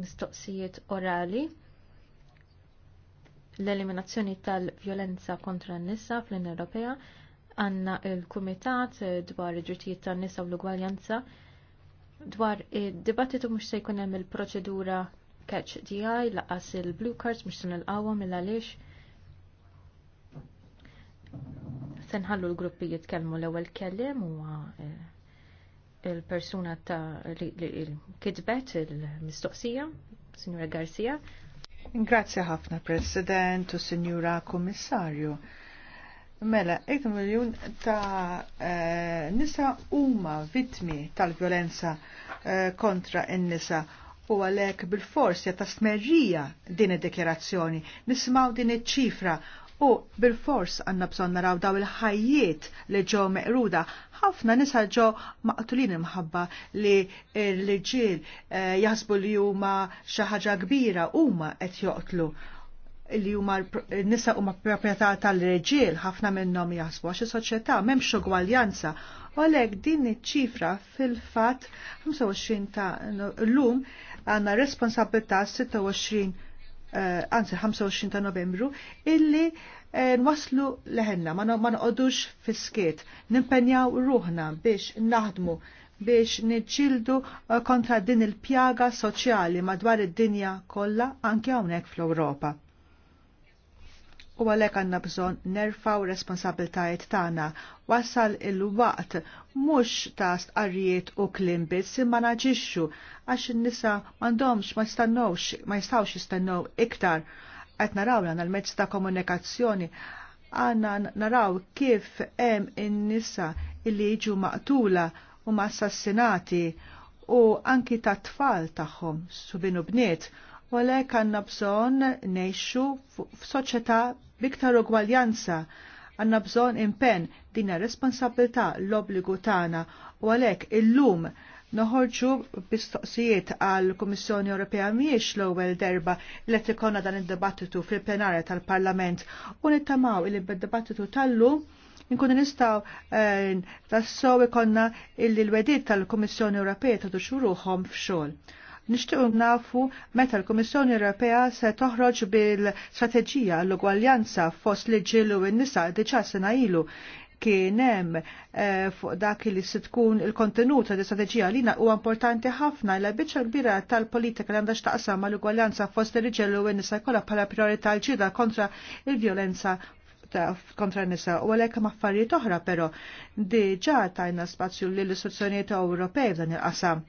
mistoqsijiet orali l-eliminazzjoni tal-vjolenza kontra n-nisa fl-Unjoni Ewropea għanna il-Kumitat dwar id-drittijiet tan-nisa u l-ugwaljanza dwar id-dibattitu mhux se jkun hemm il-proċedura catch DI laqas il-blue cards mhux se nilqawhom mill għaliex se nħallu l-gruppi jitkellmu l-ewwel kelliem huwa eh, il-persuna ta' li kitbet il-mistoqsija, Signora Garcia. Grazie ħafna, President u Signora Kommissarju. Mela, 8 miljon ta' eh, nisa huma vittmi tal-violenza eh, kontra n-nisa u għalek bil-fors jata smerġija din id-dekjerazzjoni. Nismaw din iċ-ċifra U bil-fors għanna bżon naraw daw il-ħajjiet li ġew meqruda. ħafna nisa ġew maqtulin imħabba li l-ġil eh, jaħsbu li huma xi ħaġa kbira huma qed joqtlu li huma nisa huma proprjetà tal-reġiel ħafna minnhom jaħsbu għax is-soċjetà m'hemmx ugwaljanza. U din iċ-ċifra fil-fatt 25 ta' llum għandna responsabilità 26 Eh, anzi 25 ta' novembru, illi eh, nwaslu leħenna, ma noqodux skiet nimpenjaw ruħna biex naħdmu biex niġġildu eh, kontra din il-pjaga soċjali madwar id-dinja kollha anke hawnhekk fl-Ewropa u għalek għanna bżon nerfaw responsabiltajiet tagħna wasal il-waqt mhux ta' stqarrijiet u klimbit biss imma naġixxu għax in-nisa m'għandhomx ma jistannowx ma jistgħux jistennew iktar qed narawna għal mezz ta' komunikazzjoni għanna naraw kif hemm in-nisa illi jiġu maqtula u ma assassinati u anki ta' tfal tagħhom subinu bniet u għalek għanna bżon neħxu f'soċjetà biktar ugwaljanza għanna bżon impen dinja responsabilta l-obligu tana u għalek illum noħorġu bistoqsijiet għal Komissjoni Ewropea miex l-ewwel derba li qed ikonna dan id-dibattitu fil-plenarja tal-Parlament u nittamaw il bid-dibattitu tal-lum nkunu nistaw eh, tassow ikonna il-wedid tal-Komissjoni Ewropea ta' ruħhom f'xogħol. Nixtiequ nafu meta l-Kummissjoni Ewropea se toħroġ bil-strateġija l-ugwaljanza fost li ġilu n-nisa diċa sena ilu kien hemm eh, fuq dak li se tkun il-kontenut ta' l-istrateġija li huwa importanti ħafna l biċċa kbira tal-politika li għandha x'taqsam l ugwaljanza fost ir-riġel u n-nisa jkollha bħala priorità l-ġida kontra il-vjolenza kontra nisa u għalek maffariet oħra pero diġa tajna spazju li l-istituzzjonijiet Ewropej f'dan il-qasam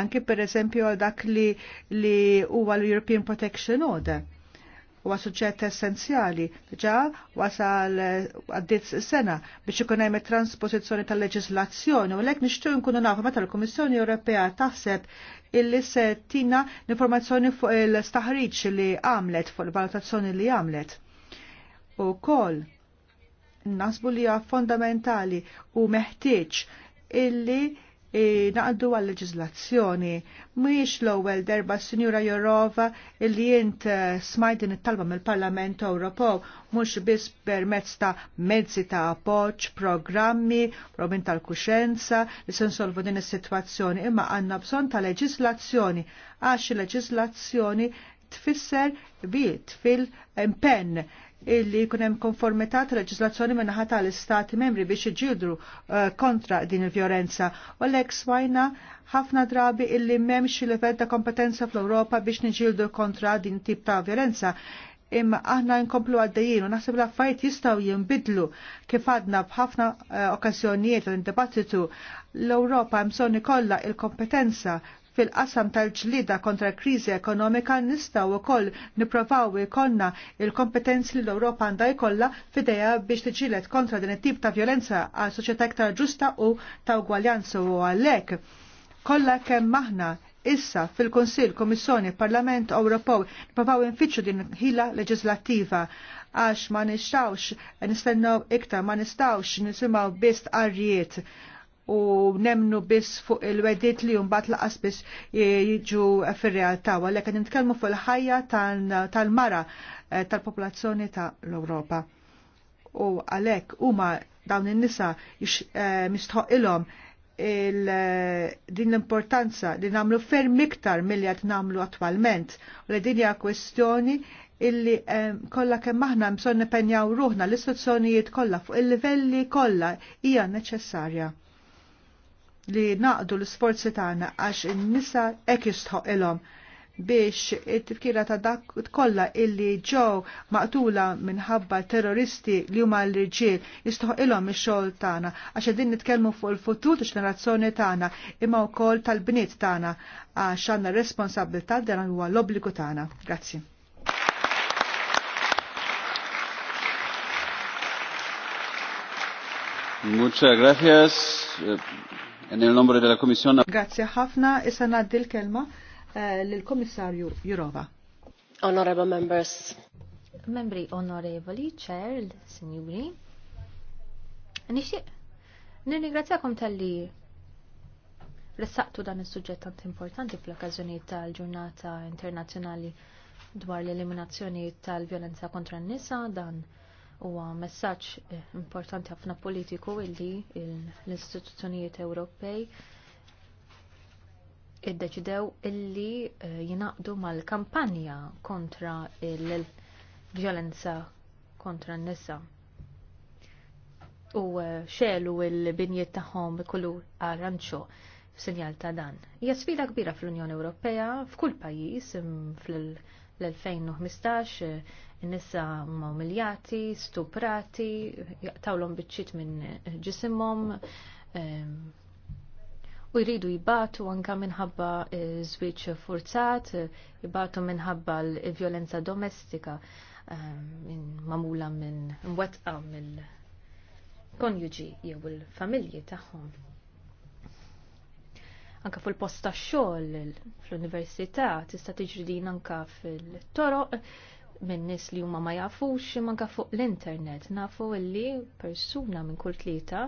anki per eżempju għal dak li li huwa l-European Protection Order huwa suġġett essenzjali. Ġa wasal għaddit sena biex ikun hemm transposizzjoni tal-leġislazzjoni u lek nixtieq nkunu nafu meta l-Kummissjoni Ewropea taħseb illi se tina l-informazzjoni fuq il-staħriġ li għamlet fuq il-valutazzjoni li għamlet. U kol nasbu li hija fondamentali u meħtieġ illi E, naqdu għal leġizlazzjoni. Mhijiex l-ewwel derba Sinjura Jorova li jint eh, smajt din it-talba mill-Parlament Ewropew mhux biss permezz ta' mezzi ta' appoġġ, programmi, probin tal-kuxenza li se nsolvu din is-sitwazzjoni imma għandna bżonn ta' leġizlazzjoni għax il-leġizlazzjoni tfisser bi tfil impenn illi kunem konformità tal leġislazzjoni minnaħat tal-istati membri biex iġidru eh, kontra din il-violenza. U l-ek swajna ħafna drabi illi memx livell ta' kompetenza fl-Europa biex niġildu kontra din tip ta' violenza. Imma aħna nkomplu għaddejjien u naħseb l-affarijiet jistgħu jinbidlu kif għadna b'ħafna eh, okkażjonijiet għal dibattitu l-Ewropa hemm kolla il-kompetenza fil-qasam tal-ġlida kontra kriżi ekonomika nistaw ukoll niprovaw ikollna il-kompetenzi li l-Ewropa għandha jkollha fideja biex tiġilet kontra din it-tip ta' violenza għal soċjetà iktar ġusta u ta' ugwaljanza u għalhekk. Kolla kemm aħna issa fil-Konsil, Komissjoni, Parlament Ewropew niprovaw infittxu din ħila leġislattiva għax ma nistawx nistennew iktar, ma nistawx nisimgħu biss arrijiet u nemnu biss fuq il-wedit li jumbat laqas biss jiġu fil-realtà, għalek għan nitkellmu fuq il-ħajja tal-mara eh, tal-popolazzjoni ta' l-Europa. U għalek huma dawn in-nisa eh, mistħoq ilhom eh, din l-importanza li namlu ferm iktar milli qed namlu attwalment. U li dinja kwestjoni illi kollha kemm aħna bżonn nipenjaw ruħna l-istituzzjonijiet kollha fuq il-livelli kollha hija neċessarja li naqdu l-sforzi tagħna għax in-nisa hekk jistħoq ilhom biex it-tifkira ta' dak kollha illi ġew maqtula minħabba terroristi li huma l-irġiel jistħoq ilhom ix-xogħol tagħna għax qegħdin nitkellmu fuq il-futur ta' ġenerazzjoni tagħna imma wkoll tal-bniet tagħna għax għandna responsabilità dan huwa l-obbligu tagħna. Grazzi. Muchas gracias nel della Grazie ħafna, issa e naddi l-kelma eh, lill-Komissarju Jurova. Honorable members. Membri onorevoli, chair, signori. Nixtieq nirringrazzjakom tal-li ressaqtu dan is-suġġett tant importanti fl okkazjoni tal-Ġurnata Internazzjonali dwar l-eliminazzjoni tal violenza kontra n-nisa dan huwa messaġġ importanti ħafna politiku illi l-istituzzjonijiet Ewropej iddeċidew illi jinaqdu mal-kampanja kontra l-vjolenza kontra n-nisa. U xelu il-binjiet tagħhom kulur aranċo f'sinjal ta' dan. Hija sfida kbira fl-Unjoni Ewropea f'kull pajjiż fl-2015 nisa ma umiljati, stuprati, jaqtawlom biċċiet minn ġisimhom ehm, u jridu jibatu anka minħabba eh, żwieġ forzat, jibatu minħabba l-vjolenza domestika ehm, minn mamula minn mwetqa mill konjuġi jew il-familji tagħhom. Anka fil posta tax-xogħol fl-università tista' tiġri din anka fil-toroq minn nis li huma ma jafux manka fuq l-internet. Nafu li persuna minn kull tlieta,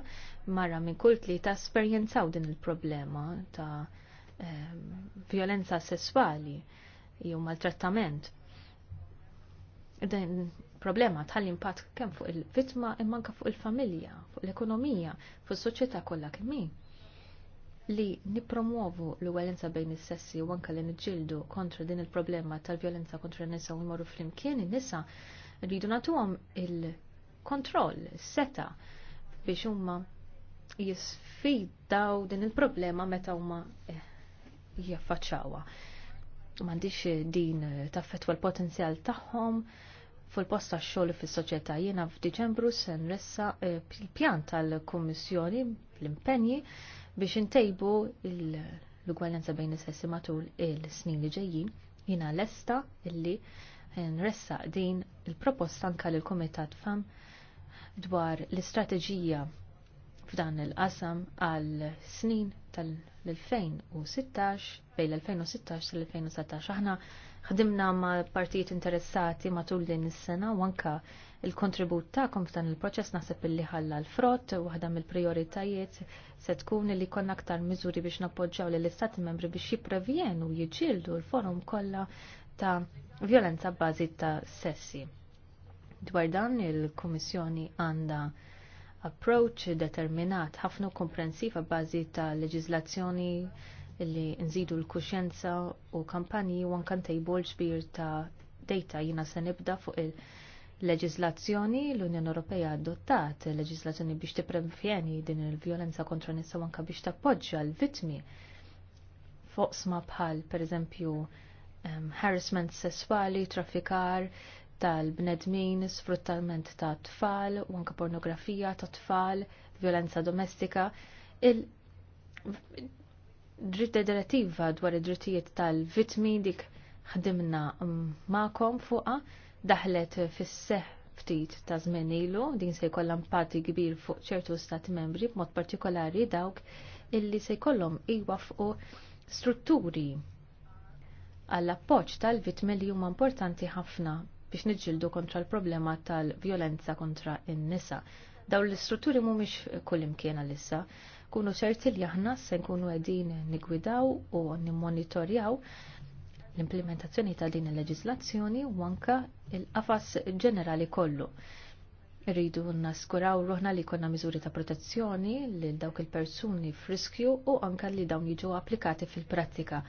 marra minn kull tlieta esperjenzaw din il-problema ta' eh, violenza sessuali jew maltrattament. Din problema tal impatt kemm fuq il-vittma imma anke fuq il-familja, fuq l-ekonomija, fuq is-soċjetà kollha kemm li nippromuovu l-uwelenza bejn is-sessi u anke li niġġieldu kontra din il-problema tal-vjolenza kontra n-nisa u jmorru flimkien in-nisa rridu nagħtuhom il-kontroll, is-seta biex huma jisfidaw din il-problema meta huma eh, jaffaċċawha. M'għandix din taffetwa l-potenzjal tagħhom fil-post tax-xogħol fis-soċjetà. Jiena f'Diċembru se nressa eh, pjan tal-Kummissjoni l-impenji biex intejbu l ugwalenza bejn is-sessi matul il-snin li ġejjin jina lesta illi nressa din il-proposta anka l komitat fam dwar l-istrateġija f'dan il-qasam għal snin tal-2016 bejn l-2016 tal-2017 aħna ħdimna ma' partijiet interessati matul din is-sena u anka il-kontribut ta'kom f'dan il-proċess naħseb illi ħalla l-frott u waħda mill-prioritajiet se tkun li konna aktar miżuri biex nappoġġaw lill istati membri biex jipprevjenu jiġildu l-forum kollha ta' violenza bbażi ta' sessi. Dwar dan il-Kummissjoni għandha approach determinat ħafna komprensiva bażi ta' leġiżlazzjoni illi nżidu l-kuxjenza u kampanji u nkantejbu l-ġbir ta' data jina se nibda fuq il-leġizlazzjoni l-Unjoni Ewropea adottat leġizlazzjoni biex tipprevjeni din il-vjolenza kontra nisa anka biex tappoġġa l-vittmi fuq sma bħal pereżempju um, harassment sesswali, traffikar tal-bnedmin, sfruttament ta' tfal, u anka pornografija ta' tfal, violenza domestika. Il dritt direttiva dwar id-drittijiet tal-vitmi dik ħdimna ma'kom fuqa daħlet fis-seħ ftit ta' żmien ilu din se jkollha impatti kbir fuq ċertu stati membri b'mod partikolari dawk illi se jkollhom fuq strutturi għall appoġġ tal-vitmi li huma importanti ħafna biex niġġieldu kontra l-problema tal-vjolenza kontra in-nisa. Dawn l-istrutturi mhumiex kullimkien għalissa kunu ċerti li aħna se nkunu qegħdin nigwidaw u nimmonitorjaw l-implementazzjoni ta' din il-leġislazzjoni u anka il-qafas ġenerali kollu. Rridu naskuraw ruħna li konna miżuri ta' protezzjoni li dawk il-persuni friskju u anka li dawn jiġu applikati fil-prattika.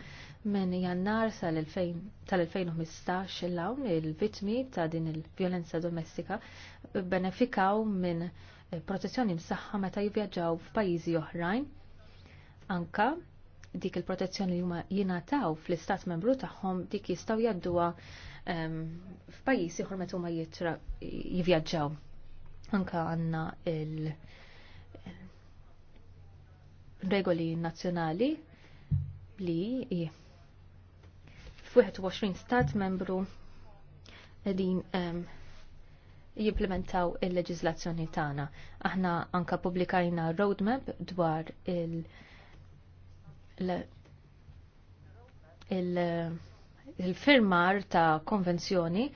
Min jannar tal-2015 il lawn il-vitmi ta' din il-violenza domestika benefikaw minn protezzjoni msaħħa meta jivvjaġġaw f'pajjiżi oħrajn. Anka dik il-protezzjoni li huma jingħataw fl-istat membru tagħhom dik jistgħu jadduha ehm, f'pajjiżi oħra meta huma jivvjaġġaw. Anka għandna il- regoli nazzjonali li f-21 stat membru din jimplementaw il-leġizlazzjoni tagħna. Aħna anka publikajna roadmap dwar il- il-firmar ta' konvenzjoni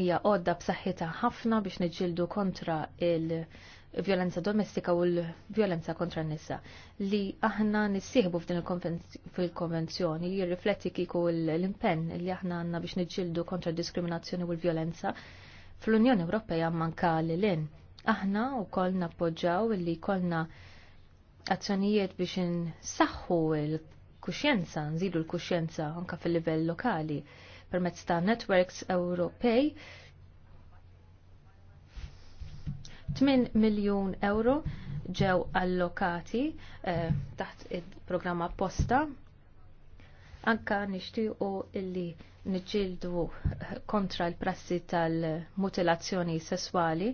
hija għodda b'saħħitha ħafna biex niġġieldu kontra il- violenza domestika u l-violenza kontra n-nisa li aħna nissieħbu f'din il-konvenzjoni jirrifletti kiku l-impenn li aħna għanna biex nġildu kontra diskriminazzjoni u l-violenza fl-Unjoni Ewropea manka l in Aħna u kolna nappoġġaw li kolna azzjonijiet biex nsaħħu l-kuxjenza, nżidu l-kuxjenza anka fil-livell lokali permezz ta' networks Ewropej 8 miljun euro ġew allokati eh, taħt il-programma Posta. Anka nixtiequ illi niġġieldu eh, kontra l-prassi tal-mutilazzjoni sesswali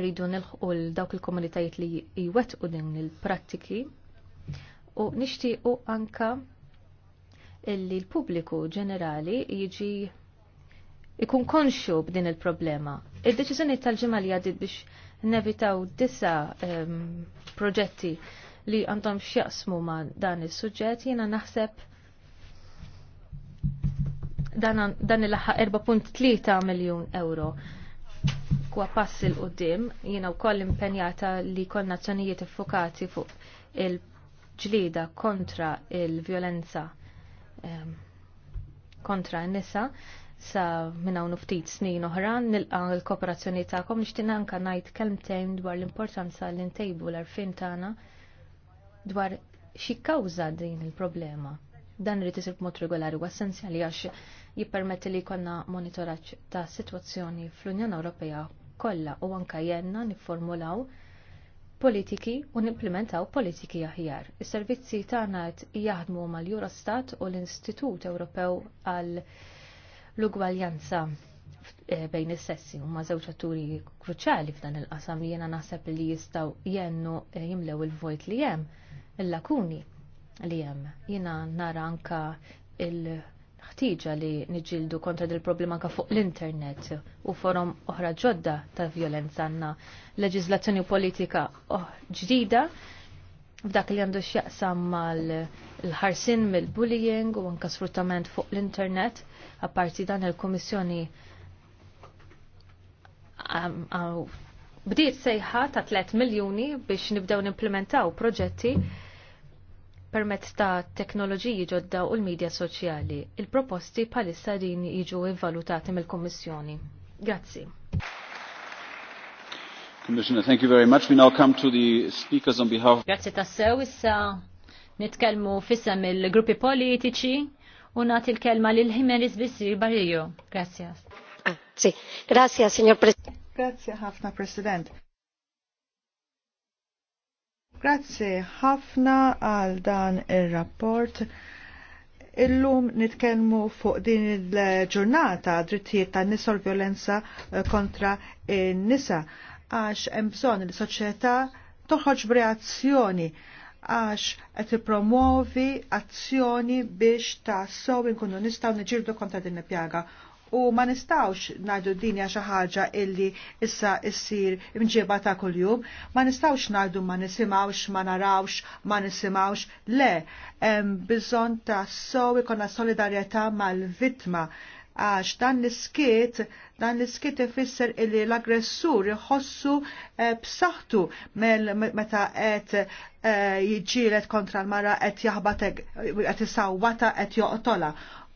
rridu nilħu l-dawk il-komunitajiet li jwettqu din il-prattiki u nixtiequ anka illi l-pubbliku ġenerali jiġi ikun konxu b'din il-problema. il deċizjoni tal-ġimgħa li biex nevitaw disa ehm, proġetti li għandhom x'jaqsmu ma' dan is-suġġett jiena naħseb dan, dan il-laħħa 4.3 miljun euro kwa pass il qoddim jiena wkoll impenjata li kol nazzjonijiet iffokati fuq il-ġlida kontra il-vjolenza ehm, kontra n-nisa sa minna unu ftit snin oħra nilqa l-kooperazzjoni ta'kom nixtina anka najt kelmtejn dwar l-importanza l intejbu l-arfin tagħna dwar xi kawża din il-problema. Dan rrid isir b'mod regolari u essenzjali għax jippermetti li jkollna monitoraġġ ta' sitwazzjoni fl-Unjoni Ewropea kollha u anka jenna nifformulaw politiki u nimplementaw politiki aħjar. Is-servizzi tagħna qed jaħdmu mal-Eurostat u l-Istitut Ewropew għal L-ugwaljanza eh, bejn is-sessi huma żewġ atturi kruċjali f'dan il-qasam li jiena naħseb li jistgħu jennu eh, jimlew il-vojt li hemm, il-lakuni li hemm. Jiena nara anka il ħtieġa li niġildu kontra dil problema anka fuq l-internet u forom oħra ġodda ta' violenza għandna leġiżlazzjoni politika ġdida f'dak li għandu x'jaqsam mal-ħarsin mill-bullying u anka sfruttament fuq l-internet, apparti dan il-Komissjoni bdiet sejħa ta' 3 miljoni biex nibdew nimplementaw proġetti permezz ta' teknoloġiji ġodda u l-medja soċjali. Il-proposti palissa din jiġu evvalutati mill-Komissjoni. Grazzi. Commissioner, thank you very much. We now come to the speakers on behalf. Grazie tassew, issa nitkelmu fissam il-gruppi politiċi u nati l-kelma lil himeris Bissir Barrio. Grazie. Ah, sì. Grazie, signor Presidente. Grazie, ħafna President. Grazie ħafna għal dan il-rapport. Illum nitkellmu fuq din il-ġurnata drittijiet tan nisa u violenza eh, kontra n-nisa għax hemm bżonn il soċjetà toħroġ b'reazzjoni għax qed ippromuovi azzjoni biex sew inkunu nistgħu niġirdu kontra din il-pjaga. U ma nistawx najdu dini għaxa ħaġa illi issa issir imġiba ta' kuljum, ma nistawx najdu ma nisimawx, ma narawx, ma nisimawx, le, bizon ta' sowi konna solidarieta mal-vitma għax dan l-iskiet dan l-iskiet ifisser illi l-aggressur jħossu eh, b'saħħtu meta qed eh, jiġġielet kontra l-mara qed jaħbatek qed isawwata qed joqtola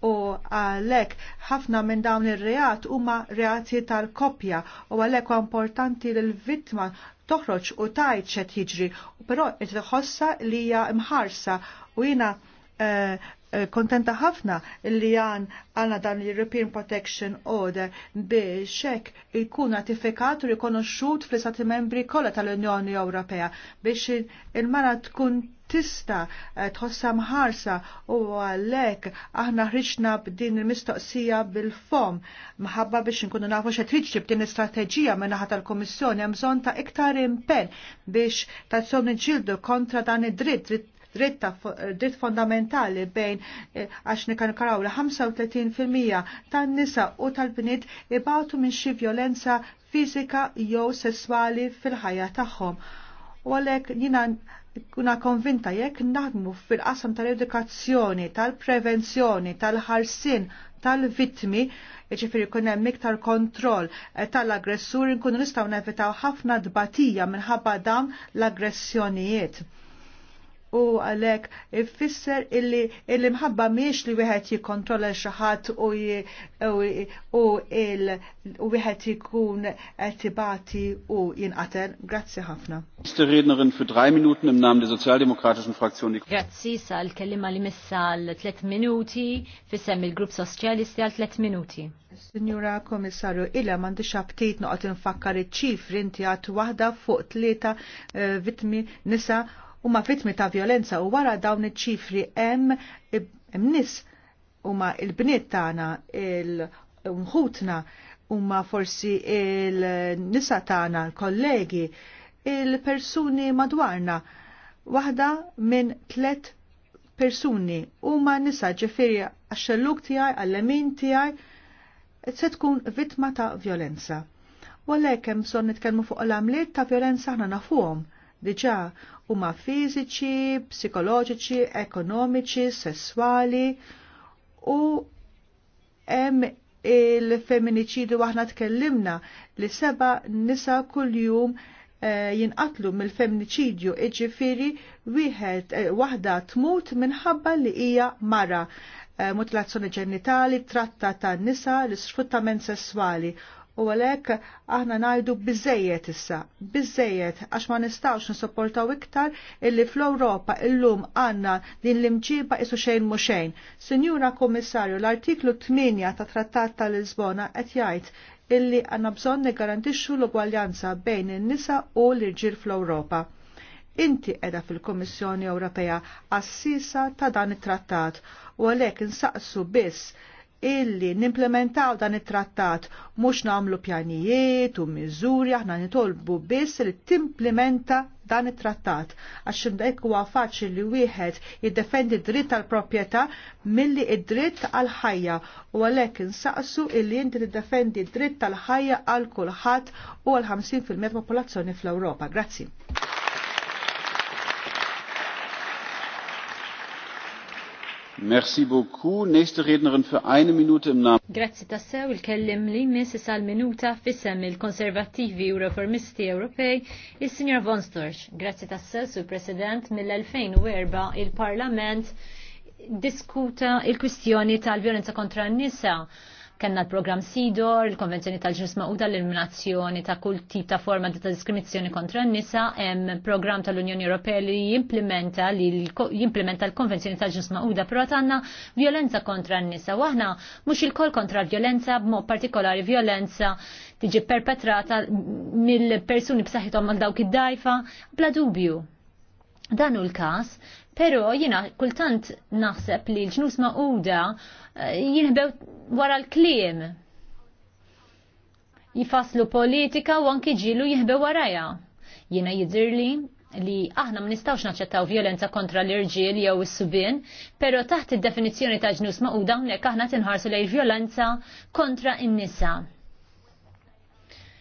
u għalek ħafna minn dawn ir-reat huma reati tal-koppja u għalek u importanti l vittma toħroġ u tajt xed jiġri, però tħossa li hija imħarsa u jina eh, Eh, kontenta ħafna li għan għanna dan l-European Protection Order biex hekk ikun ratifikat u rikonoxxut fl-istati membri kollha tal-Unjoni Ewropea biex il-mara tkun tista eh, tħossam ħarsa u għalek aħna ħriċna b'din il-mistoqsija bil-fom mħabba biex nkunu nafu xe triċi b'din istrateġija minnaħa tal-Komissjoni hemm bżonn ta' iktar impenn biex tazzomm ġildu kontra dan id-dritt Eh, dritt fondamentali bejn eh, għax karaw li 35% tan-nisa u tal-bniet ibatu minn xi violenza fizika jew sesswali fil-ħajja tagħhom. U għalhekk jiena kuna konvinta jekk naħdmu fil-qasam tal-edukazzjoni, tal-prevenzjoni, tal-ħarsin, tal-vittmi, ġifiri kun hemm iktar kontroll eh, tal-aggressur nkunu nistgħu nevitaw ħafna dbatija minħabba dam l-aggressjonijiet u għalek ifisser illi illi mħabba miex li wieħed jikkontrolla xi ħadd u il u wieħed jkun attibati u jinqatel. Grazzi ħafna. Rednerin für drei Minuten im Namen der Sozialdemokratischen Fraktion. Grazzi sal kellima li missa għal tliet minuti fissem il-Grupp Soċjalisti għal tliet minuti. Signora Komissarju, illa mandi xabtit noqgħod infakkar iċ-ċifri inti għad waħda fuq tlieta eh, vitmi nisa' huma vittmi ta' violenza u wara dawn iċ-ċifri hemm nis huma il-bniet tagħna il-nħutna huma forsi il-nisa tagħna, l-kollegi, il-persuni madwarna. Waħda minn tlet persuni huma nisa ġifieri għax-xelluk tiegħi, għall-emin tiegħi, se tkun vittma ta' violenza. Wallek hemm son nitkellmu fuq l-għamliet ta' violenza aħna nafuhom diġà huma fiżiċi, psikoloġiċi, ekonomiċi, sesswali u hemm il-feminiċidu aħna tkellimna li seba nisa kuljum eh, jinqatlu mill-feminiċidju iġifiri wieħed eh, waħda tmut minħabba li hija mara eh, mutilazzjoni ġenitali, tratta ta' nisa, l-sfruttament sessuali u għalhekk aħna ngħidu bizzejiet issa, bizzejiet, għax ma nistgħux nisopportaw iktar illi fl-Ewropa illum għandna din l-imġiba isu xejn mu xejn. Sinjura Kommissarju, l-artiklu 8 ta' Trattat tal-Lisbona qed jgħid illi għandna bżonn niggarantixxu l-ugwaljanza bejn in-nisa u l-irġiel fl-Ewropa. Inti edha fil-Kommissjoni Ewropea assisa ta' dan it-trattat u għalhekk insaqsu biss illi nimplementaw dan it-trattat mhux nagħmlu pjanijiet u miżuri aħna nitolbu biss li timplementa dan it-trattat għax ximdajk huwa faċli li wieħed jiddefendi dritt tal proprjetà milli id-dritt għal ħajja u għalhekk insaqsu illi inti tiddefendi dritt tal ħajja għal kulħadd u għal 50% popolazzjoni fl-Ewropa. Grazzi. Merci beaucoup. Nächste Rednerin für eine Minute im Namen. Grazzi tassew il-kellim li miss sal minuta fissem il-konservativi u reformisti Ewropej, il-Signor Von Storch. Grazzi tassew su president mill-2004 il-Parlament diskuta il-kwistjoni tal-violenza kontra n-nisa Kenna l-program SIDOR, il-Konvenzjoni tal-ġus maquda l-eliminazzjoni ta' kull tip ta' forma ta' diskriminazzjoni kontra n-nisa, hemm program tal-Unjoni Ewropea li jimplementa li jimplementa l-Konvenzjoni tal-ġus maquda però għandna violenza kontra n-nisa. Waħna mhux il-kol kontra violenza b'mod partikolari violenza tiġi perpetrata mill-persuni b'saħħithom għal dawk id-dajfa bla dubju. Dan hu l-każ Pero jina kultant naħseb li l-ġnus maquda eh, jinħbew wara l-klim. Jifaslu politika u anki ġilu jihbe waraja. Jina jidirli li aħna ma nistawx naċċettaw violenza kontra l-irġiel jew is-subien, pero taħt id-definizzjoni ta' ġnus dawn hawnhekk aħna tinħarsu lejn violenza kontra in-nisa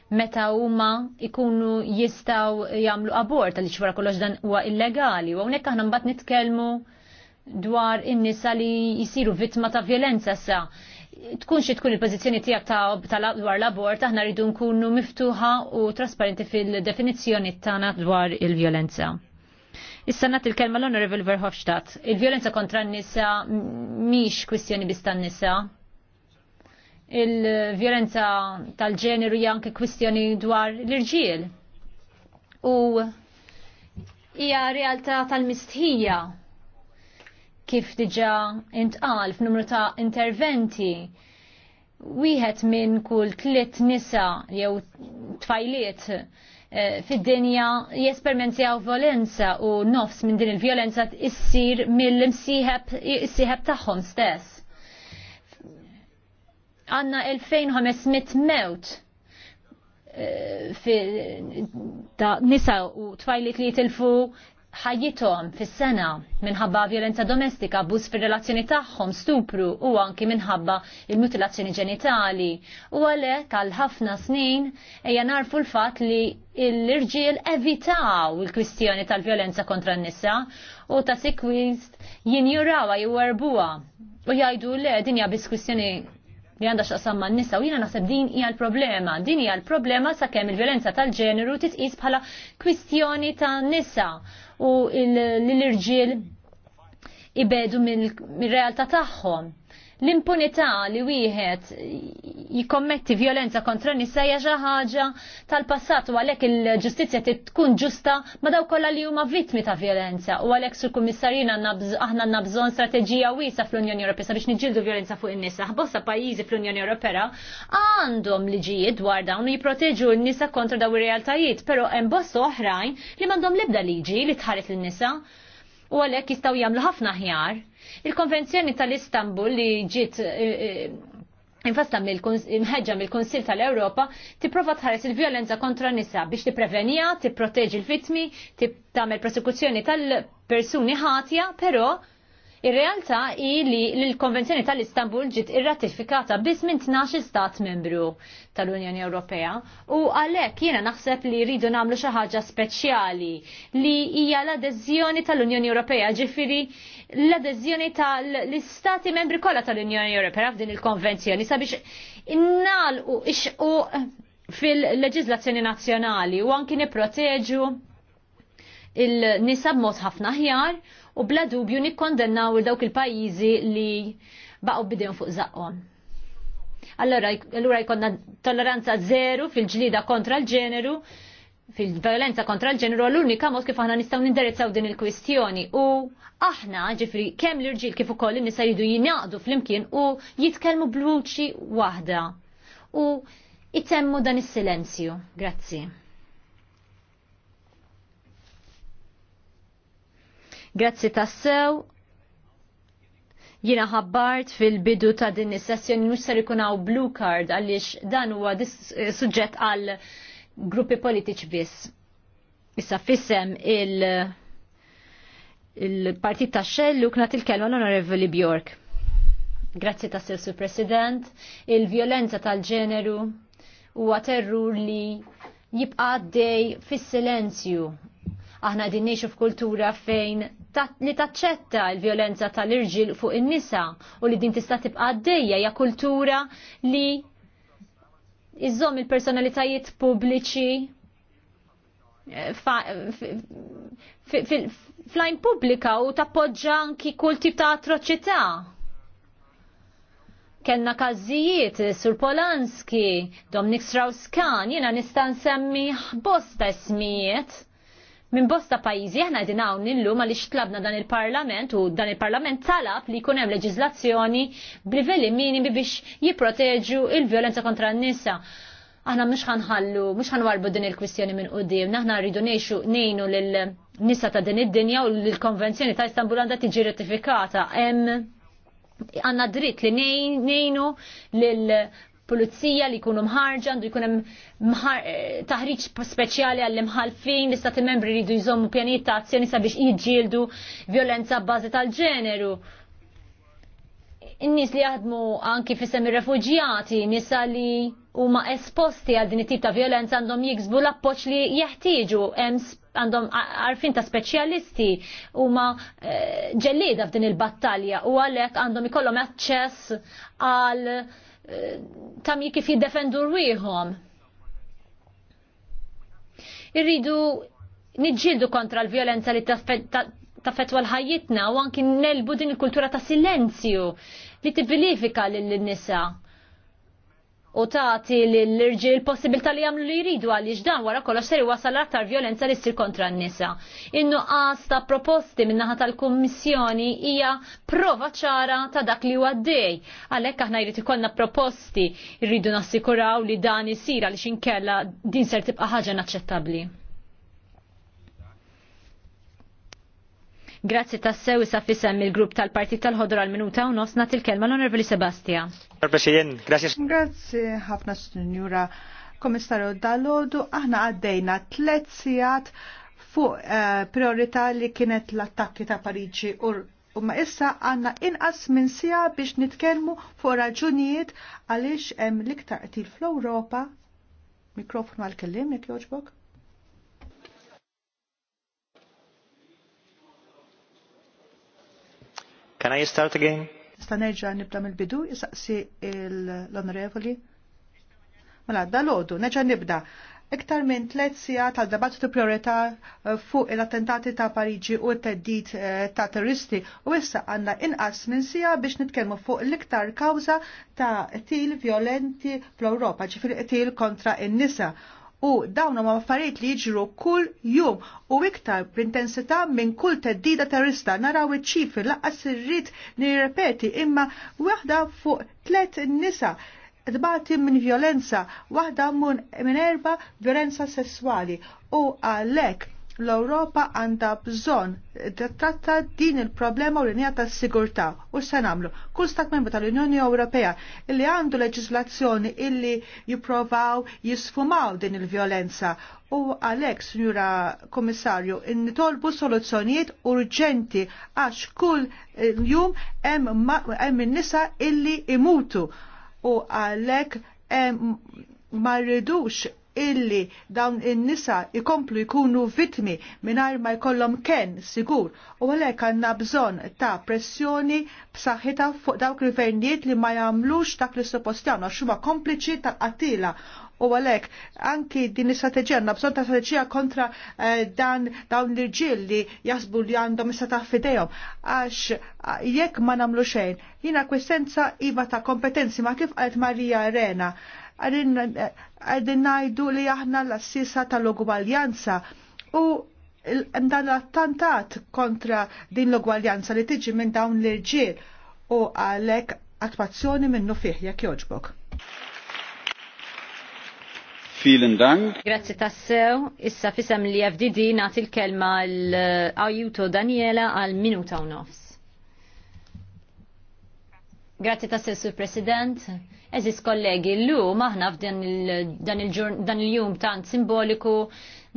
meta huma ikunu jistaw jagħmlu abort għaliex wara kollox dan huwa illegali u hawnhekk aħna mbagħad nitkellmu dwar in-nisa li jisiru vittma ta' violenza sa tkun xi tkun il-pożizzjoni tiegħek ta' dwar l-abort aħna rridu nkunu miftuħa u trasparenti fil definizjoni tagħna dwar il-vjolenza. Issa nat il-kelma l-Honorable Verhofstadt. Il-vjolenza kontra n-nisa miex kwistjoni bistan tan-nisa, il-violenza tal-ġeneru jank kwistjoni dwar l-irġiel. U hija realtà tal-mistħija kif diġa intqal f'numru ta' interventi. Wieħed minn kull tliet nisa jew tfajliet eh, fid-dinja jesperimentjaw violenza u nofs minn din il-violenza issir mill-imsieħeb tagħhom stess għanna 2500 mewt eh, fi nisa u twajlit li jitilfu ħajjithom fis-sena minħabba violenza domestika, bus fir-relazzjoni tagħhom, stupru u anki minħabba il-mutilazzjoni ġenitali. U għale għal ħafna snin eja narfu l-fatt li l-irġiel evitaw il-kwistjoni tal-violenza kontra n-nisa u ta' sikwist jinjurawha jew erbuha u jgħidu le dinja biss kwistjoni li għandha x'qasam man nisa u jiena naħseb din hija l-problema. Din hija l-problema sakemm il-violenza tal-ġeneru titqis bħala kwistjoni ta' nisa u l-irġiel ibedu mir realtà tagħhom. L-impunità li wieħed jikommetti violenza kontra nisa hija xi ħaġa tal-passat u għalhekk il-ġustizzja tkun ġusta ma daw kollha li huma vittmi ta' violenza u għalhekk sur kummissarjina aħna għandna bżonn strateġija wiesa fl-Unjoni Ewropea sabiex niġildu violenza fuq in-nisa. Ħbossa pajjiżi fl-Unjoni Ewropea għandhom liġijiet dwar dawn u jipproteġu n-nisa kontra daw ir-realtajiet, però hemm bosta oħrajn li m'għandhom l-ebda liġi li tħares lin-nisa u għalhekk jistgħu jagħmlu ħafna ħjar. Il-Konvenzjoni tal-Istanbul li ġiet eh, eh, Infasta mħedġa mill-Konsil tal-Europa tipprova tħares il-vjolenza kontra nisa biex tipprevenija, tipproteġi l-vittmi, tagħmel prosekuzzjoni tal-persuni ħatja, però Ir-realtà hi li l-Konvenzjoni tal-Istanbul ġiet irratifikata biss minn 12 stat membru tal-Unjoni Ewropea u għalhekk jiena naħseb li rridu nagħmlu xi ħaġa speċjali li hija l-adeżjoni tal-Unjoni Ewropea ġifieri l-adeżjoni tal-istati membri kollha tal-Unjoni Ewropea f'din il-konvenzjoni sabiex innalqu ixqu fil leġiżlazzjoni nazzjonali u anki nipproteġu il nisab mod ħafna ħjar u bla dubju nikkondennaw dawk il-pajjiżi li baqgħu bidejhom fuq żaqhom. Allora, allura jkollna tolleranza zero fil-ġlida kontra l-ġeneru, fil-violenza kontra l-ġeneru, l-unika mod kif aħna nistgħu nindirizzaw din il-kwistjoni u aħna ġifri kemm l-irġiel kif ukoll in-nisa jridu jingħaqdu flimkien u jitkellmu bluċi waħda. U itemmu dan is-silenzju. Grazzi. Grazzi tassew. Jina ħabbart fil-bidu ta' din is-sessjoni mhux ser ikun hawn blue card għaliex dan huwa suġġett għal gruppi politiċi biss. Issa fissem il- il-partit ta' xellu knat il-kelma l-Onorevoli Bjork. Grazzi ta' sessu President, il-violenza tal-ġeneru huwa terrur li jibqa' dej fis-silenzju aħna din f'kultura fejn li taċċetta l-violenza tal-irġil fuq in-nisa u li din tista' tibqa' għaddejja hija kultura li iżżomm il-personalitajiet pubbliċi eh, fl-lajn pubblika u tappoġġa anki kull tip ta' atroċità. Kenna każijiet Sur Polanski, Dominik Strauss-Kahn, jiena nista' nsemmi bosta ismijiet minn bosta pajjiżi aħna għaw hawn illum li xtlabna dan il-Parlament u dan il-Parlament talab li jkun hemm leġiżlazzjoni b'livelli minimi biex jipproteġu il violenza kontra n-nisa. Aħna mhux ħanħallu, mhux ħanwarbu din il-kwistjoni minn qudiem, naħna rridu ngħixu ngħinu l nisa ta' din id-dinja u l-Konvenzjoni ta' Istanbul għandha tiġi ratifikata. Hemm għandna dritt li nejnu lil pulizija li jkunu mħarġa, għandu jkun hemm eh, taħriġ speċjali għall mħalfin li stati membri jridu jżommu pjanijiet ta' azzjoni sabiex jiġġieldu violenza bbażi tal-ġeneru. In-nies li jaħdmu anki fisem ir-refuġjati, nisa li huma esposti għal din it-tip ta' violenza għandhom jiksbu l-appoġġ li jeħtieġu għandhom għarfin ta' speċjalisti huma eh, ġellida f'din il-battalja u għalhekk għandhom ikollhom aċċess għal Eh, tam kif jiddefendu rwieħhom. Irridu niġġieldu kontra l-vjolenza li tafetwa l-ħajjitna u anki nelbu din il-kultura ta' silenzju li tibbilifika l nisa u tagħti lill-irġiel possibilità li jagħmlu li jridu għaliex dan wara kollox ser wasal aktar violenza li ssir kontra n-nisa. Innuqas ta' proposti min-naħa tal-Kummissjoni hija prova ċara ta' dak li huwa dej. Għalhekk aħna jrid ikollna proposti jridu nassikuraw li dan isir għaliex inkella din ser tibqa' ħaġa naċċettabbli. Grazzi tassew issa fissem il-grupp tal-Partit tal-Ħodra għal-Minuta u nosna til-kelma l-Onorevoli Sebastia. President, grazie. Grazie ħafna Sinjura Komissarju Dalodu, aħna għaddejna tlet sijat fuq eh, priorità li kienet l-attakki ta' Pariġi u ma issa għanna inqas minn sija biex nitkellmu fuq raġunijiet għaliex hemm l-iktar qtil fl-Ewropa. Mikrofon għal-kellim jekk joġbok. Can I start again? Sta nerġa' nibda mill-bidu jisaqsi l-onorevoli. Mela, dal-għodu, nerġa' nibda. Iktar minn tliet sija tal debattu priorità eh, fuq il attentati ta' Pariġi u t-teddit eh, ta' terroristi u issa għandna inqas minn sija biex nitkellmu fuq l-iktar kawża ta' til violenti fl-Ewropa, ġifieri til kontra in-nisa. U dawn huma affarijiet li jiġru kull jum u iktar b'intensità minn kull teddida terrorista naraw iċ-ċifri laqas irrid nirrepeti imma waħda fuq tliet nisa tbati minn violenza, waħda minn erba violenza sessuali u għalhekk l-Europa għandha bżonn tratta din il-problema u l-inja ta' sigurtà u se nagħmlu. Kull stat membru tal-Unjoni Ewropea illi għandu leġislazzjoni illi jiprovaw jisfumaw din il violenza u għalhekk, signora Komissarju, nitolbu soluzzjonijiet urġenti għax kull eh, jum hemm in-nisa illi imutu u għalhekk ma rridux illi dawn in-nisa ikomplu jkunu vitmi mingħajr ma jkollhom ken sigur u għalhekk għandna bżonn ta' pressjoni b'saħħitha fuq dawk il-gvernijiet li ma jagħmlux dak li suppost għax huma kompliċi ta' qatila U għalek, anki din istrateġija, għanna bżon ta' strategija kontra eh, dan dawn l-irġil li jasbu li għandhom issa ta' fidejom, Għax eh, jekk ma namlu xejn, jina kwestenza iva ta' kompetenzi ma' kif għalet Marija Arena. Għadin eh, najdu li aħna l-assisa tal-ugwaljanza u dan l-attantat kontra din l-ugwaljanza li tiġi minn dawn l irġiel u għalek attwazzjoni minnu fih, jak joġbok. Vielen Dank. Grazie tassew. Issa fisem li FDD nagħti l-kelma l-Ajuto Daniela għal minuta u nofs. Grazie tassew, Sur President. Eżis kollegi, l-lum aħna f'dan il-jum tant simboliku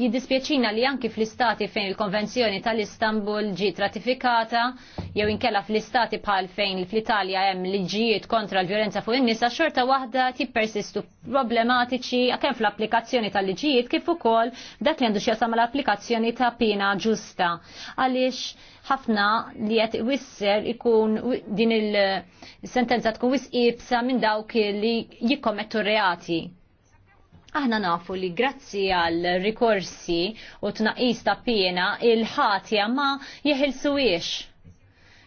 Jiddispjaċina li anki fl-istati fejn il-Konvenzjoni tal-Istanbul ġiet ratifikata, jew inkella fl-istati bħal fejn fl-Italja hemm liġijiet kontra l-vjolenza fuq in-nisa xorta waħda tippersistu problematiċi kemm fl-applikazzjoni tal-liġijiet kif ukoll dak li għandu x'jasam l-applikazzjoni ta' pina ġusta. Għaliex ħafna li qed wisser ikun din il-sentenza tkun wisqibsa minn dawk li jikkommettu reati Aħna nafu li grazzi għal rikorsi u tnaqis ta' pjena il-ħatja ma jeħilsu iex.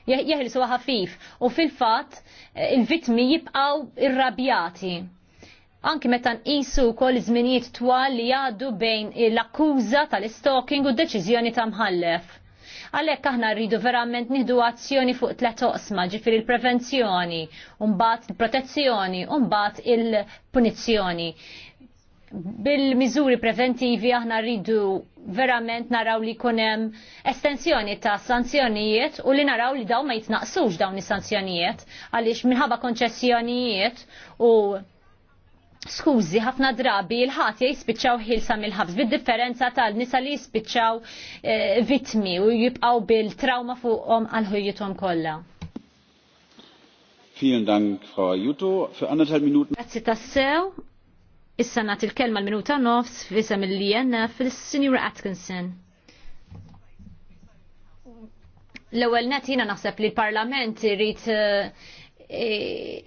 Jeħilsu ħafif u fil-fat eh, il-vitmi jibqaw irrabjati. Anki meta nqisu wkoll żminijiet twal li jgħaddu bejn l-akkuża tal-stalking u d-deċiżjoni ta' mħallef. Għalhekk aħna rridu verament nieħdu azzjoni fuq tliet oqsma, ġifieri l-prevenzjoni, un mbagħad il-protezzjoni, un mbagħad il-punizzjoni bil-miżuri preventivi aħna rridu verament naraw li kunem estensjoni ta' sanzjonijiet u li naraw li daw ma jitnaqsux dawn is-sanzjonijiet għaliex minħabba konċessjonijiet u skużi ħafna drabi il-ħat jispiċċaw ħilsa mill-ħabs bid-differenza tal-nisa li jispiċċaw e, eh, vitmi u jibqaw bil-trauma fuqhom għal ħujjithom kollha. Vielen Dank, Frau Juto. Für anderthalb Minuten. Grazie tassew. Issa nat il-kelma l-minuta nofs f'isem il-INF fil-Senior Atkinson. L-ewel net jina naħseb li l-Parlament irrit eh,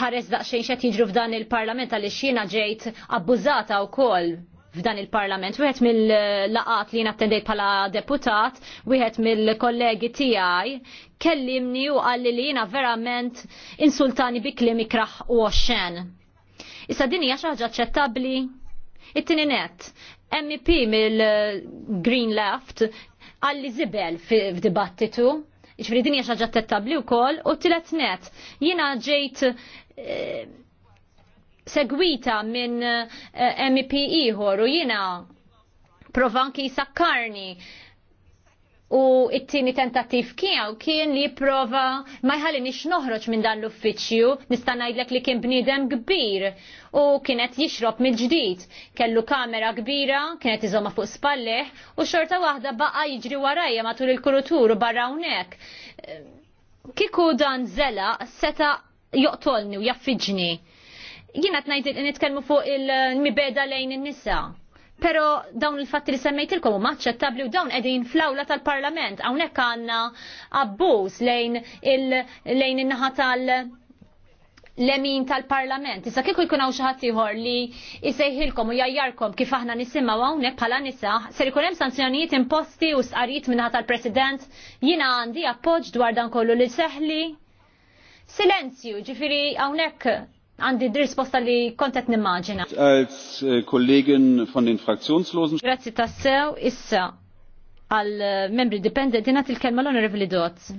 ħares daqxejn xe jiġru f'dan il-Parlament għaliex xina ġejt abbużata wkoll f'dan il-parlament. Wieħed mill-laqat li nattendejt bħala deputat, wieħed mill-kollegi tiegħi kellimni u għalli li jina verament insultani bi klimi kraħ u xen. Issa din hija xi ħaġa aċċettabbli? It-tieni net, MEP mill-Green uh, Left għalli zibel f'dibattitu, ġifri din hija xi ħaġa u wkoll, u t tielet net, jiena ġejt uh, segwita minn uh, MEP ieħor u jiena provanki sakkarni U it-tieni tentattiv kien kien li jipprova ma jħalli nix noħroġ minn dan l-uffiċċju, nista' ngħidlek li kien bniedem kbir u kienet jixrob mill-ġdid. Kellu kamera kbira, kienet iżoma fuq spalleħ u xorta waħda baqa jiġri warajja matul il-kurutur barra hawnhekk. Kiku dan zela seta joqtolni u jaffiġni. Jiena tnajdil nitkellmu fuq il-mibeda lejn in-nisa. Pero dawn il-fatti li semmejtilkom u maċċettabli u dawn edin fl-awla tal-parlament, għawnek għanna abbuż lejn il-naħa tal- l-emin tal-parlament. Issa kieku jkun hawn xi ħadd ieħor li jsejħilkom u jajjarkom kif aħna nisimgħu hawnhekk bħala nisa, ser ikun hemm sanzjonijiet imposti u sqarijiet minnaħa tal-President. Jina għandi appoġġ dwar dan kollu li seħli. Silenzju, ġifiri hawnhekk għandi risposta li kontet nimmaġina. Als eh, kollegin von den Fraktionslosen. Grazzi tassew, issa għal eh, membri dipendenti nat il-kelma l-onorevoli Dotz.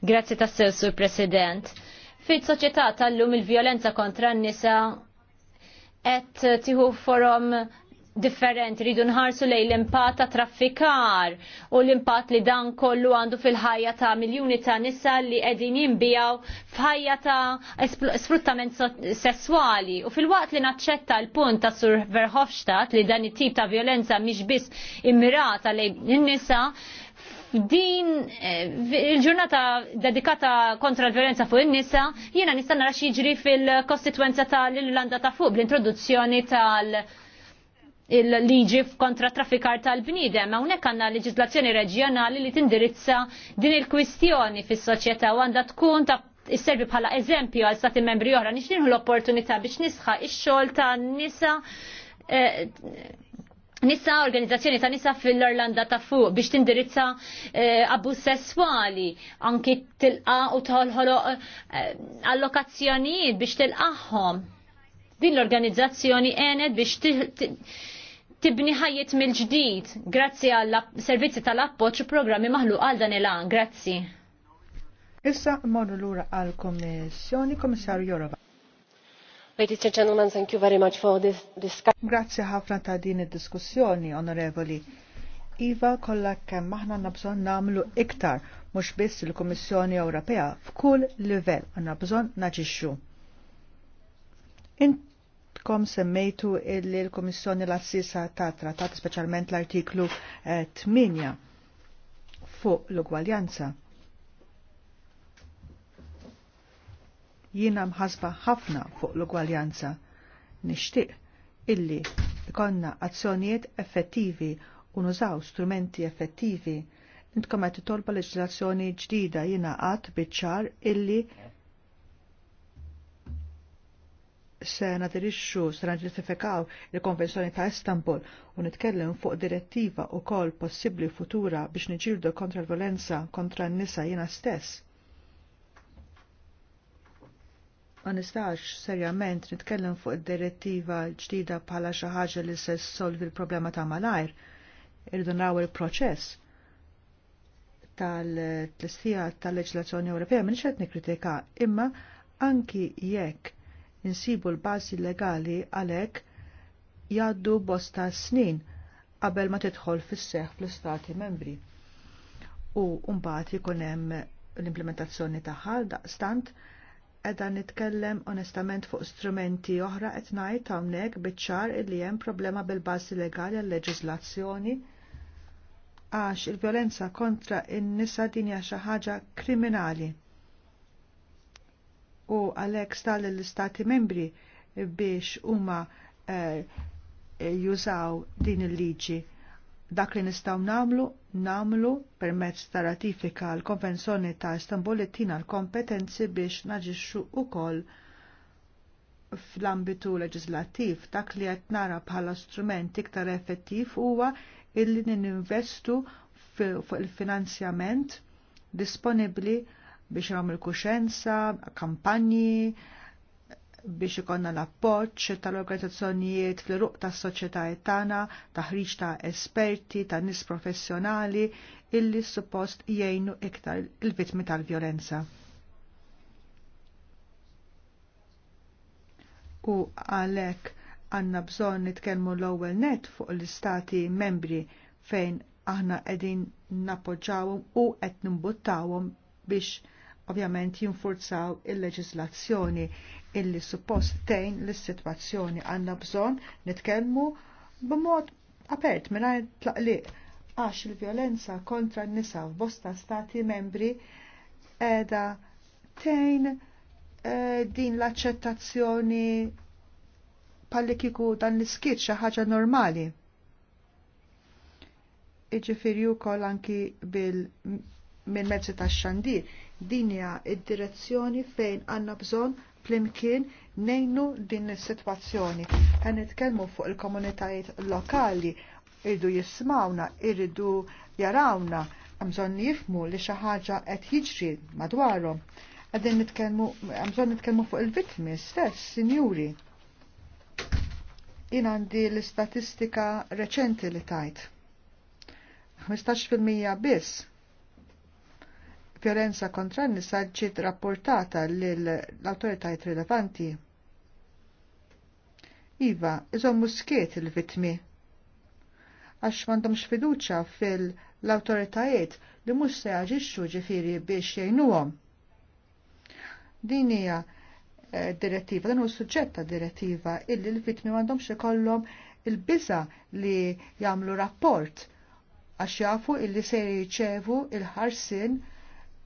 Grazzi tassew, sur President. Fit soċjetà tal-lum il-violenza kontra n-nisa et tiħu forum differenti rridu nħarsu lejn l impat ta' traffikar u l-impatt li dan kollu għandu fil-ħajja ta' miljuni ta' nisa li qegħdin jinbijaw f'ħajja ta' sfruttament sesswali u fil-waqt li naċċetta l-punt ta' Sur Verhofstadt li dan it-tip ta' violenza mhix biss immirata lejn in-nisa din eh, il-ġurnata dedikata kontra l-violenza fuq in-nisa jiena nista' nara jiġri fil-kostitwenza tal-Irlanda ta' fuq bl-introduzzjoni tal-, -Irlanda ta fuq, tal il-liġi kontra traffikar tal-bnidem, hawnhekk għandna leġislazzjoni reġjonali li tindirizza din il-kwistjoni fis-soċjetà u għandha tkun ta' isservi bħala eżempju għal stati membri oħra nix l-opportunità biex nisħa ix-xogħol ta' nisa eh, Nisa, organizzazzjoni ta' nisa fil-Irlanda ta' fuq biex tindirizza eh, abbuż sessuali, anki tilqa u tħolħolo eh, allokazzjonijiet biex tilqaħħom din l-organizzazzjoni għenet biex tibni ħajjet mill-ġdid grazzi għall servizzi tal-appoċ programmi maħlu għal dan il-għan. Grazzi. Issa morru l-ura għal-Kommissjoni, Kommissarju Jorova. Ladies and gentlemen, thank you very much for this discussion. Grazzi ħafna ta' din id-diskussjoni, onorevoli. Iva kollha kemm aħna nabżon namlu iktar mhux biss il-Kummissjoni Ewropea f'kull livell għandna bżonn naġixxu intkom semmejtu illi l-Komissjoni l-assisa ta' tratat speċjalment l-artiklu 8 eh, fuq l-ugwaljanza. Jiena mħasba ħafna fuq l-ugwaljanza. Nixtieq illi ikonna azzjonijiet effettivi u nużaw strumenti effettivi. Intkom qed titolba leġislazzjoni ġdida jiena qatt biċ-ċar illi se nadirixxu se naġġustifikaw il-Konvenzjoni ta' Istanbul u nitkellem fuq direttiva u kol possibbli futura biex niġildu kontra l-violenza kontra n-nisa jiena stess. Ma nistax serjament nitkellem fuq id-direttiva ġdida bħala xi ħaġa li se solvi l-problema ta' malajr, irridu naraw il-proċess tal-tlistija tal-leġlazzjoni Ewropea minn xed nikkritika imma anki jekk insibu l-bażi legali għalhekk jgħaddu bosta snin qabel ma tidħol fis-seħħ fl-istati membri. U mbagħad ikun hemm l-implementazzjoni tagħha daqstant edha nitkellem onestament fuq strumenti oħra qed ngħid hawnhekk biċ-ċar li hemm problema bil-bażi legali għal leġiżlazzjoni għax il-violenza kontra in-nisa din hija xi ħaġa kriminali u għalhekk stalli l-istati membri biex huma eh, jużaw din il-liġi. Dak li nistgħu nagħmlu, nagħmlu permezz ta' ratifika l-Konvenzjoni ta' Istanbul tina l-kompetenzi biex naġixxu ukoll fl-ambitu leġislattiv dak li qed nara bħala strument iktar effettiv huwa illi ninvestu fuq il-finanzjament disponibbli biex għamil kuxenza, kampanji, biex ikonna l-appoċ tal-organizzazzjonijiet fl-ruq tas soċjetajiet tagħna, taħriġ ta' esperti, ta' nis professjonali illi suppost jgħinu iktar il-vittmi tal-vjolenza. U għalhekk għandna bżonn nitkellmu l-ewwel net fuq l-istati membri fejn aħna qegħdin nappoġġawhom u qed nimbuttawhom biex ovvjament jinfurzaw il-leġislazzjoni illi suppost tejn l-situazzjoni għanna bżon nitkelmu b'mod apert minn tlaqliq għax il-violenza kontra n-nisa f'bosta stati membri edha tejn eh, din l-accettazzjoni palli kiku dan l-iskit xi ħaġa normali. Iġifieri wkoll anki bil minn mezzi ta' xandir. Dinja id-direzzjoni fejn għanna bżon plimkien nejnu din is-sitwazzjoni. Għan nitkellmu fuq il-komunitajiet lokali irridu jismawna, irridu jarawna, għamżon jifmu li xi ħaġa qed jiġri madwarhom. Għadin nitkellmu, għamżon nitkellmu fuq il-vittmi stess, sinjuri. Jien għandi l-istatistika reċenti li tajt. 15% biss violenza kontra n-nisa ġiet rapportata l awtoritajiet rilevanti. Iva, iżom skiet il-vitmi. Għax mandomx fiduċa fil-autoritajiet li mux se jaġixxu ġifiri biex jgħinuhom. Din hija eh, direttiva, dan huwa suġġetta direttiva illi l-vitmi mandomx ikollhom il-biża li jagħmlu rapport għax jafu illi se jċevu il-ħarsin il ħarsin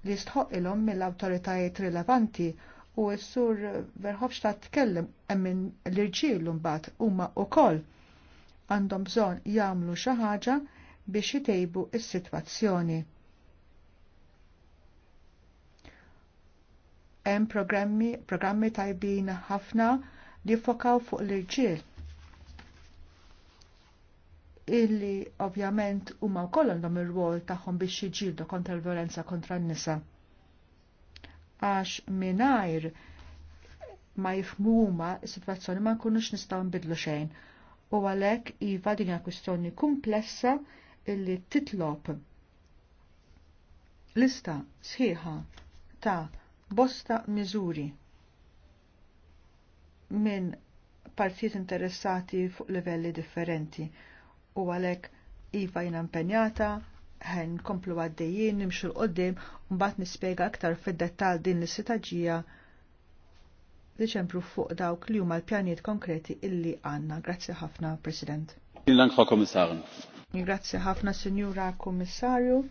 li stħoq mill-awtoritajiet rilevanti u s-sur Verhofstadt tkellem emmin l-irġiel mbagħad huma wkoll għandhom bżonn jagħmlu xi ħaġa biex jitejbu s-sitwazzjoni. Hemm programmi, programmi tajbin ħafna li fokaw fuq l-irġiel illi ovvjament huma wkoll għandhom ir-rwol tagħhom biex jiġġieldu kontra l-violenza kontra n-nisa. Għax mingħajr ma jifhmu huma s-sitwazzjoni ma nkunux nistgħu nbidlu xejn. U għalhekk iva din hija kwistjoni komplessa illi titlob lista sħiħa ta' bosta miżuri minn partijiet interessati fuq livelli differenti u għalek Iva jina impenjata, ħen komplu għaddejjien, nimxu l-qoddim, mbagħad nispjega aktar fid-dettal din l-istaġija li ċempru fuq dawk li huma l-pjanijiet konkreti illi għandna. Grazzi ħafna, President. Grazzi ħafna, Signora Kommissarju.